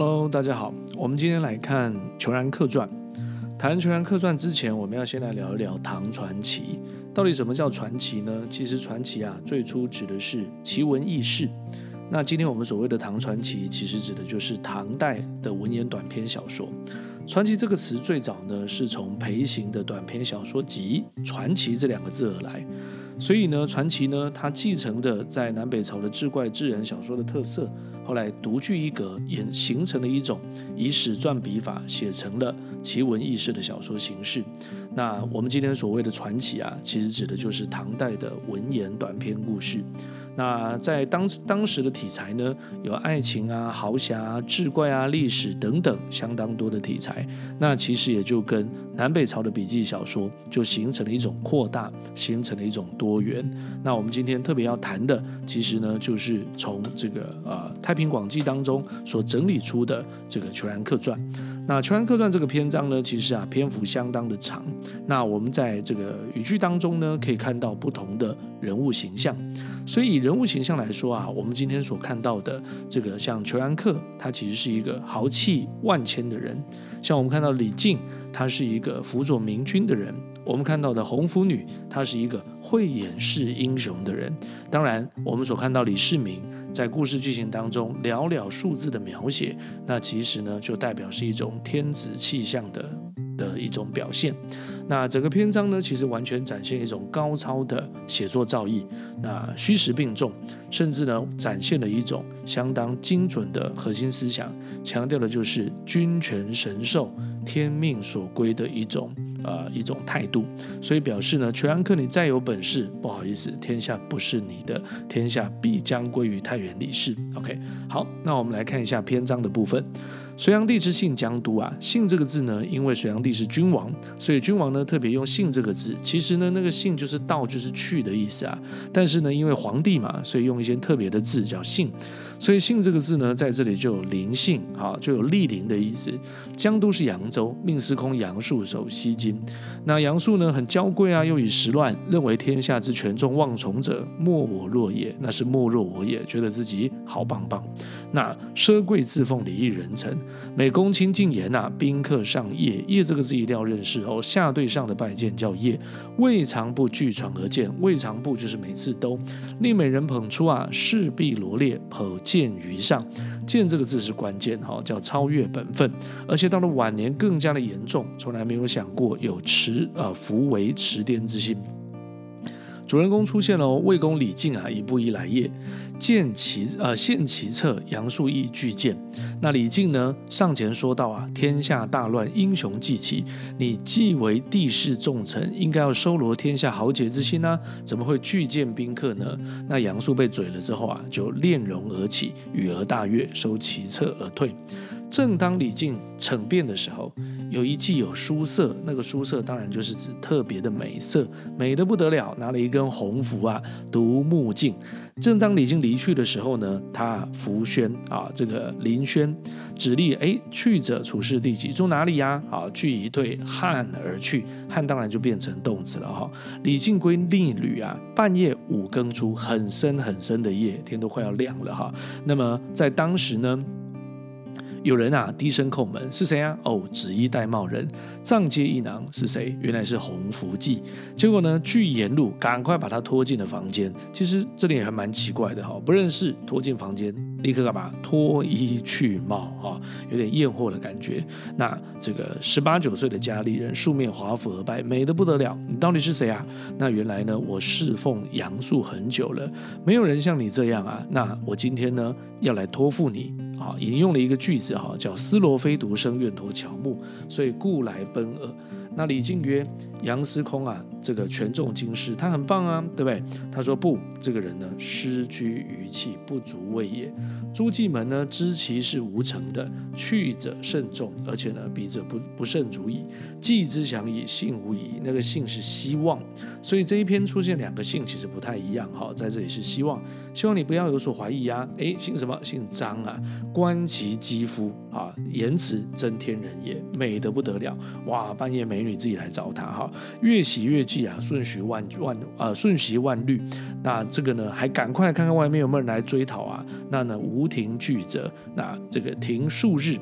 Hello，大家好。我們今天來看《虯髯客傳》。談《虯髯客傳》之前，我們要先來聊一聊唐傳奇。到底什麼叫傳奇呢？其實傳奇啊，最初指的是奇聞異事。那今天我們所謂的唐傳奇，其實指的就是唐代的文言短篇小說。傳奇這個詞最早呢，是從裴鉶的短篇小說集《傳奇》這兩個字而來。所以呢，傳奇呢，它繼承的在南北朝的志怪志人小說的特色，後來獨具一格，也形成了一種以史傳筆法寫成了奇聞異事的小說形式。那我們今天所謂的傳奇啊，其實指的就是唐代的文言短篇故事。那在當，當時的題材呢，有愛情啊、豪俠啊、志怪啊、歷史等等，相當多的題材。那其實也就跟南北朝的筆記小說就形成了一種擴大，形成了一種多元。那我們今天特別要談的，其實呢，就是從這個呃《太平廣記》當中所整理出的這個《虯髯客傳》。那《虯髯客傳》這個篇章呢，其實啊篇幅相當的長。那我們在這個語句當中呢，可以看到不同的人物形象。所以，以人物形象來說啊，我們今天所看到的這個像虯髯客，他其實是一個豪氣萬千的人；像我們看到李靖，他是一個輔佐明君的人；我們看到的紅拂女，她是一個慧眼識英雄的人。當然，我們所看到李世民。在故事劇情當中，寥寥數字的描寫，那其實呢，就代表是一種天子氣象的的一種表現。那整個篇章呢，其實完全展現一種高超的寫作造詣。那虛實並重，甚至呢，展現了一種相當精準的核心思想，強調的就是君權神授、天命所歸的一種。啊、呃，一種態度，所以表示呢，虯髯客你再有本事，不好意思，天下不是你的，天下必將歸於太原李氏。OK，好，那我們來看一下篇章的部分。隋煬帝之幸江都啊，幸這個字呢，因為隋煬帝是君王，所以君王呢特別用幸這個字。其實呢，那個幸就是到，就是去的意思啊。但是呢，因為皇帝嘛，所以用一些特別的字叫幸。所以幸這個字呢，在這裡就有臨幸啊，就有蒞臨的意思。江都是揚州，命司空楊素守西京。那楊素呢，很驕貴啊，又以時亂，認為天下之權重望崇者，莫我若也，那是莫若我也，覺得自己好棒棒。那奢貴自奉，禮異人臣。每公卿進言吶，賓客上謁。謁這個字一定要認識哦。下對上的拜見叫謁，未嘗不踞床而見，未嘗不就是每次都令美人捧出啊，事必羅列，頗僭於上。僭這個字是關鍵哈、哦，叫超越本分。而且到了晚年更加的嚴重，從來沒有想過有持呃扶危持顛之心。主人公出現了哦，魏公李靖啊，一步一來謁見其呃，獻其策，楊素亦拒見。那李靖呢，上前說道啊，天下大亂，英雄濟起，你既為帝室重臣，應該要收羅天下豪傑之心呢、啊，怎麼會拒見賓客呢？那楊素被懟了之後啊，就斂容而起，與而大悅，收其策而退。正當李靖騁辯的時候，有一妓，有殊色，那個殊色當然就是指特別的美色，美得不得了。拿了一根紅拂啊，獨目靖。正當李靖離去的時候呢，他拂軒啊，這個臨軒指吏，哎，去者處士第幾，住哪裡呀，啊？啊，具以對，頷而去，頷當然就變成動詞了哈。李靖歸逆旅啊，半夜五更初，很深很深的夜，天都快要亮了哈。那麼在當時呢？有人啊，低聲叩門，是誰啊？哦，紫衣戴帽人，杖揭一囊。是誰？原來是紅拂妓。結果呢，遽延入，趕快把他拖進了房間。其實這裡也還蠻奇怪的、哦，哈，不認識，拖進房間，立刻幹嘛？脫衣去帽，哦、有點驗貨的感覺。那這個十八九歲的佳麗人，素面華服而拜，美得不得了。你到底是誰啊？那原來呢，我侍奉楊素很久了，沒有人像你這樣啊。那我今天呢，要來托付你。引用了一個句子哈，叫“絲蘿非獨生，願托喬木，所以故來奔耳。”那李靖曰：“楊司空啊，這個權重京師，他很棒啊，對不對？”他說：“不，這個人呢，屍居餘氣，不足畏也。”諸妓們呢，知其是無成的，去者甚眾，而且呢，彼者不不甚足矣，繼之強矣，幸無疑。那個幸是希望。所以這一篇出現兩個姓，其實不太一樣哈。在這裡是希望，希望你不要有所懷疑啊。誒，姓什麼？姓張啊。觀其肌膚啊，言辭真天人也，美得不得了哇！半夜美女自己來找他哈，越喜越懼啊，瞬息萬萬啊，瞬息萬慮。那這個呢，還趕快看看外面有沒有人來追討啊。那呢，無停拒責，那這個停數日，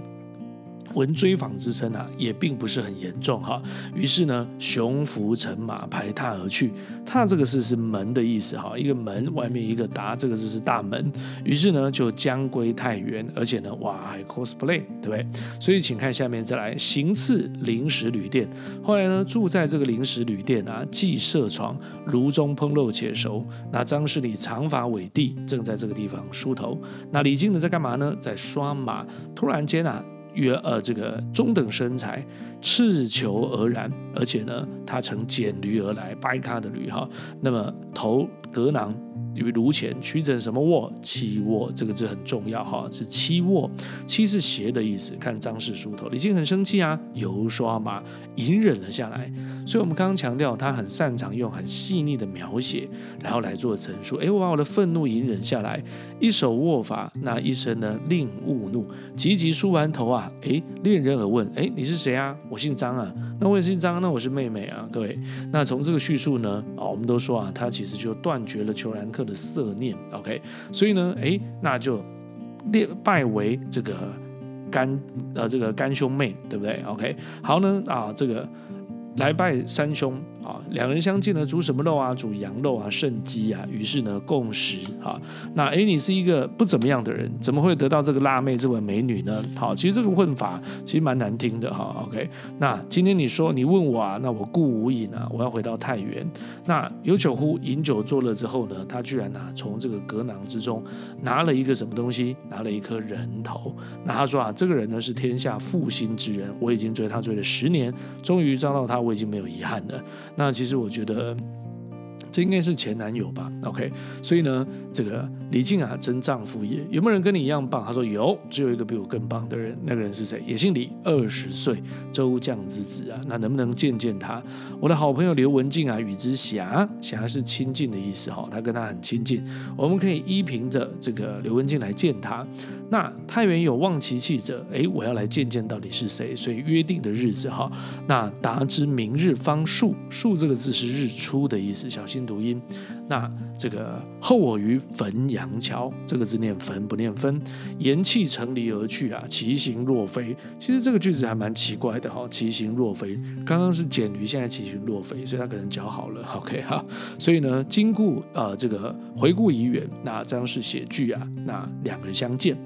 聞追訪之稱啊，也並不是很嚴重哈。於是呢，雄服乘馬，排闥而去。闥這個字是，是門的意思哈，一個門外面一個達，這個字是大門。於是呢，就將歸太原。而且呢，哇，還 cosplay，對不對？所以請看下面再來行刺靈石旅店。後來呢，住在這個靈石旅店啊，既設床，爐中烹肉且熟。那張氏的長髮委地，正在這個地方梳頭。那李靖呢，在幹嘛呢？在刷馬。突然間啊。約呃，這個中等身材，赤髯而虯，而且呢，他乘蹇驢而來，掰他的驢哈、哦，那麼頭革囊。為爐前取枕什麼臥？欹臥，這個字很重要哈，是欹臥。欹是斜的意思。看張氏梳頭，李靖很生氣啊，油刷嘛，隱忍了下來。所以我們剛剛強調，他很擅長用很細膩的描寫，然後來做陳述。哎，我把我的憤怒隱忍下來，一手握髮，那一聲呢，令勿怒。急急梳完頭啊，哎，斂衽而問，哎，你是誰啊？我姓張啊，那我也姓張，那我是妹妹啊，各位。那從這個敘述呢，啊、哦，我們都說啊，他其實就斷絕了虯髯客的色念，OK，所以呢，哎，那就列拜為這個乾，呃，這個乾兄妹，對不對？OK，好呢，啊，這個。來拜三兄啊，兩人相見呢，煮什麼肉啊？煮羊肉啊，盛雞啊。於是呢，共食啊，那哎，你是一個不怎麼樣的人，怎麼會得到這個辣妹，這位美女呢？好，其實這個問法其實蠻難聽的哈。OK，那今天你說你問我啊，那我故無隱啊，我要回到太原。那有酒乎？飲酒作樂之後呢，他居然啊，從這個革囊之中拿了一個什麼東西？拿了一顆人頭。那他說啊，這個人呢是天下負心之人，我已經追他追了十年，終於抓到他。我已經沒有遺憾了。那其實我覺得這應該是前男友吧。OK，所以呢，這個李靖啊，真丈夫也，有沒有人跟你一樣棒？他說有，只有一個比我更棒的人。那個人是誰？也姓李，二十歲，周將之子啊。那能不能見見他？我的好朋友劉文靜啊，與之狎，狎是親近的意思哈、哦，他跟他很親近，我們可以依憑着這個劉文靜來見他。那太原有望其氣者，哎，我要來見見到底是誰，所以約定的日子哈。那達之明日方曙，曙這個字是日出的意思，小心讀音。那這個後我於汾陽橋，這個字念汾不念分，言訖乘驢而去啊，其行若飛。其實這個句子還蠻奇怪的哈、哦，其行若飛。剛剛是蹇驢，現在其行若飛，所以他可能腳好了。OK 哈、啊，所以呢，經過呃這個回顧已遠，那張氏寫句啊，那兩個人相見。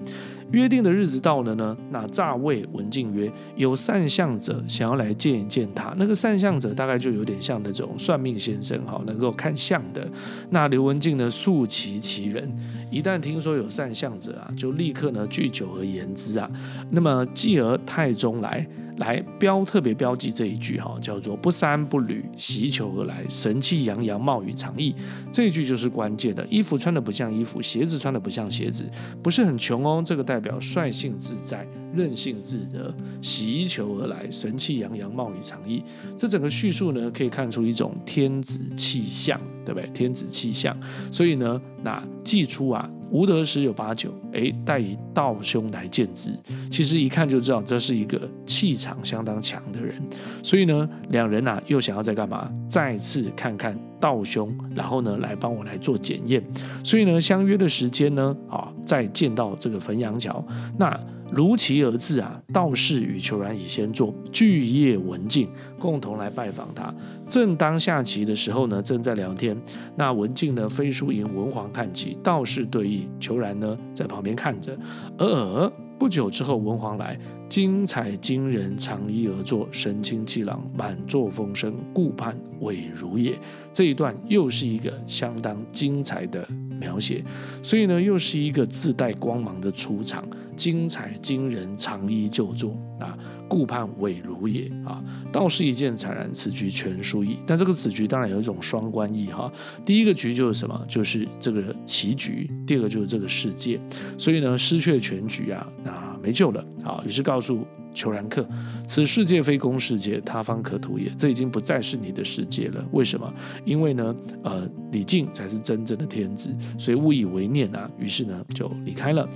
約定的日子到了呢，那詐謂文靜曰：“有善相者想要來見一見他。”那個善相者大概就有點像那種算命先生哈，能夠看相的。那劉文靜呢，素奇其其人，一旦聽說有善相者啊，就立刻呢，聚酒而言之啊。那麼既而太宗來。來標特別標記這一句哈，叫做不衫不履，裼裘而來，神氣揚揚，貌與常異。這一句就是關鍵的，衣服穿的不像衣服，鞋子穿的不像鞋子，不是很窮哦。這個代表率性自在，任性自得，裼裘而來，神氣揚揚，貌與常異。這整個敘述呢，可以看出一種天子氣象，對不對？天子氣象，所以呢，那既出啊。無德十有八九，哎，帶一道兄來見之，其實一看就知道，這是一個氣場相當強的人。所以呢，兩人呢、啊、又想要再幹嘛？再次看看道兄，然後呢來幫我來做檢驗。所以呢，相約的時間呢，啊，再見到這個汾陽橋那。如期而至啊！道士與虯髯，已先坐。俱謁文靜，共同來拜訪他。正當下棋的時候呢，正在聊天。那文靜呢，飛書迎文皇看棋，道士對弈，虯髯呢在旁邊看着，呃。不久之後，文皇來，精彩驚人，長揖而坐，神清氣朗，滿座風生，顧盼煒如也。這一段又是一個相當精彩的描寫，所以呢，又是一個自帶光芒的出場，精彩驚人，長揖就坐啊。顧盼煒如也啊，道士一見慘然，此局全輸矣。但這個此局當然有一種雙關意哈、啊。第一個局就是什麼？就是這個棋局。第二個就是這個世界。所以呢，失去了全局啊啊，沒救了啊。於是告訴虯髯客，此世界非公世界，他方可圖也。這已經不再是你的世界了。為什麼？因為呢，呃，李靖才是真正的天子。所以勿以為念啊，於是呢就離開了。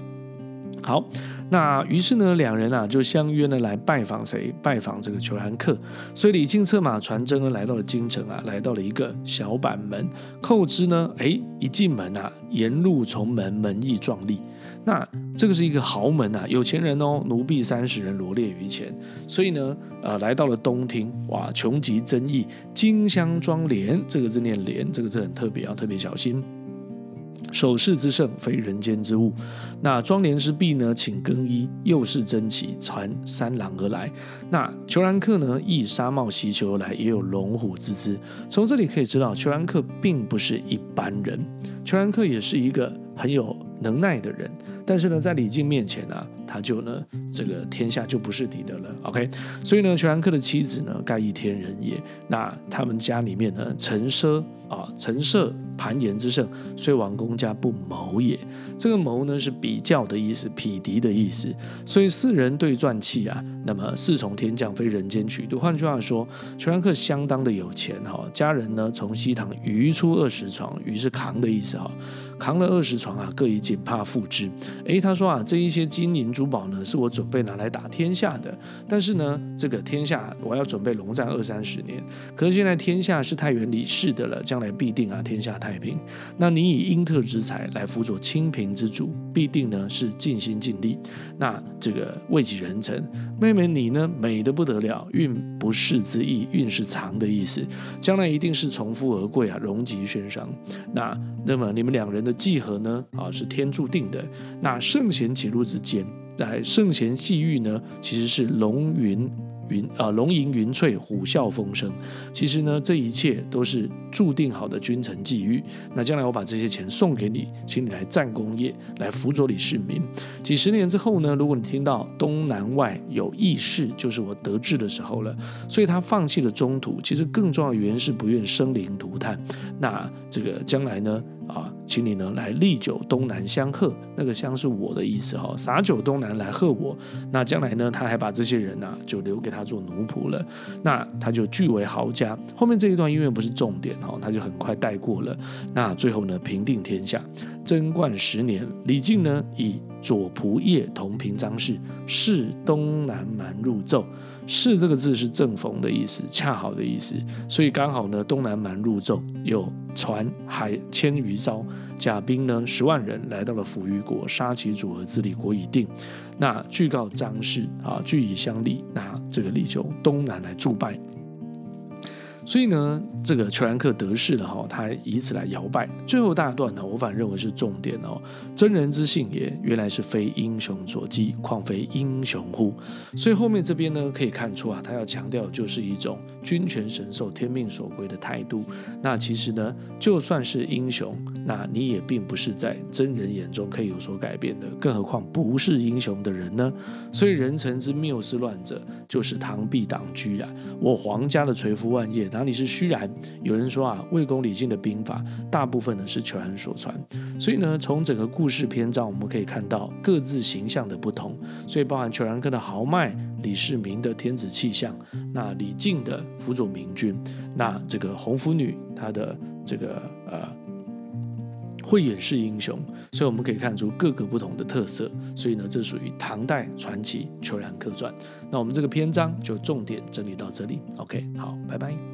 好，那於是呢，兩人啊就相約呢來拜訪誰？拜訪這個虯髯客。所以李靖策馬傳真呢，來到了京城啊，來到了一個小板門。叩知呢，哎，一進門啊，沿路從門，門亦壯麗。那這個是一個豪門啊，有錢人哦，奴婢三十人羅列於前。所以呢，呃，來到了東廳，哇，窮極珍異，巾箱妝奩，這個字念簾，這個字很特別，啊，特別小心。首飾之盛，非人間之物。那妝奩之璧呢？請更衣，又是珍奇，傳三郎而來。那虯髯客呢？亦紗帽襲裘而來，也有龍虎之姿。從這裡可以知道，虯髯客並不是一般人。虯髯客也是一個很有能耐的人。但是呢，在李靖面前呢、啊，他就呢，這個天下就不是敵的了。OK，所以呢，全安克的妻子呢，蓋亦天人也。那他們家裡面呢，陳奢啊，陳奢盤筵之盛，雖王公家不謀也。這個謀呢，是比較的意思，匹敵的意思。所以四人對賺氣啊，那麼四從天降，非人間取度。換句話說，全安克相當的有錢哈，家人呢，從西塘魚出二十床，魚是扛的意思哈。.扛了二十床啊，各以錦帕覆之。誒，他說啊，這一些金銀珠寶呢，是我準備拿來打天下的。但是呢，這個天下我要準備龍戰二三十年。可是現在天下是太原李氏的了，將來必定啊，天下太平。那你以英特之才來輔佐清平之主，必定呢是盡心盡力。那這個位極人臣，妹妹你呢，美得不得了，運不世之意，運是長的意思，將來一定是從富而貴啊，榮極軒裳。那那麼你們兩人。的際會呢啊是天注定的。那聖賢起落之間，在、啊、聖賢際遇呢，其實是龍雲雲啊、呃，龍吟雲翠，虎嘯風生。其實呢，這一切都是注定好的君臣際遇。那將來我把這些錢送給你，請你來戰功業，來輔佐李世民。幾十年之後呢，如果你聽到東南外有義士，就是我得志的時候了。所以他放棄了中途，其實更重要的原因是不願生靈塗炭。那這個將來呢？啊，請你呢來瀝酒東南相賀，那個相是我的意思哈、哦，灑酒東南來賀我。那將來呢，他還把這些人呢、啊、就留給他做奴僕了，那他就聚為豪家。後面這一段因為不是重點哈、哦，他就很快帶過了。那最後呢，平定天下，貞觀十年，李靖呢以左僕射同平章事，適東南蠻入奏。適這個字是正逢的意思，恰好的意思，所以剛好呢，東南蠻入奏，有船海千餘艘，甲兵呢十萬人來到了扶餘國，殺其主而自立，國已定。那據告張氏啊，據以相立，那這個立就東南來助敗。所以呢，這個虯髯客得勢了哈，他以此來搖擺。最後大段呢，我反而認為是重點哦。真人之性也，原來是非英雄所冀，況非英雄乎？所以後面這邊呢，可以看出啊，他要強調就是一種君權神授、天命所歸的態度。那其實呢，就算是英雄，那你也並不是在真人眼中可以有所改變的。更何況不是英雄的人呢？所以人臣之謬是亂者，就是螳臂擋車啊！我皇家的垂福萬葉。哪裡是虯髯？有人說啊，魏公李靖的兵法大部分呢是虯髯所傳，所以呢，從整個故事篇章我們可以看到各自形象的不同，所以包含虯髯客的豪邁，李世民的天子氣象，那李靖的輔佐明君，那這個紅拂女她的這個呃慧眼識英雄，所以我們可以看出各個不同的特色，所以呢，這屬於唐代傳奇《虯髯客傳》。那我們這個篇章就重點整理到這裡。OK，好，拜拜。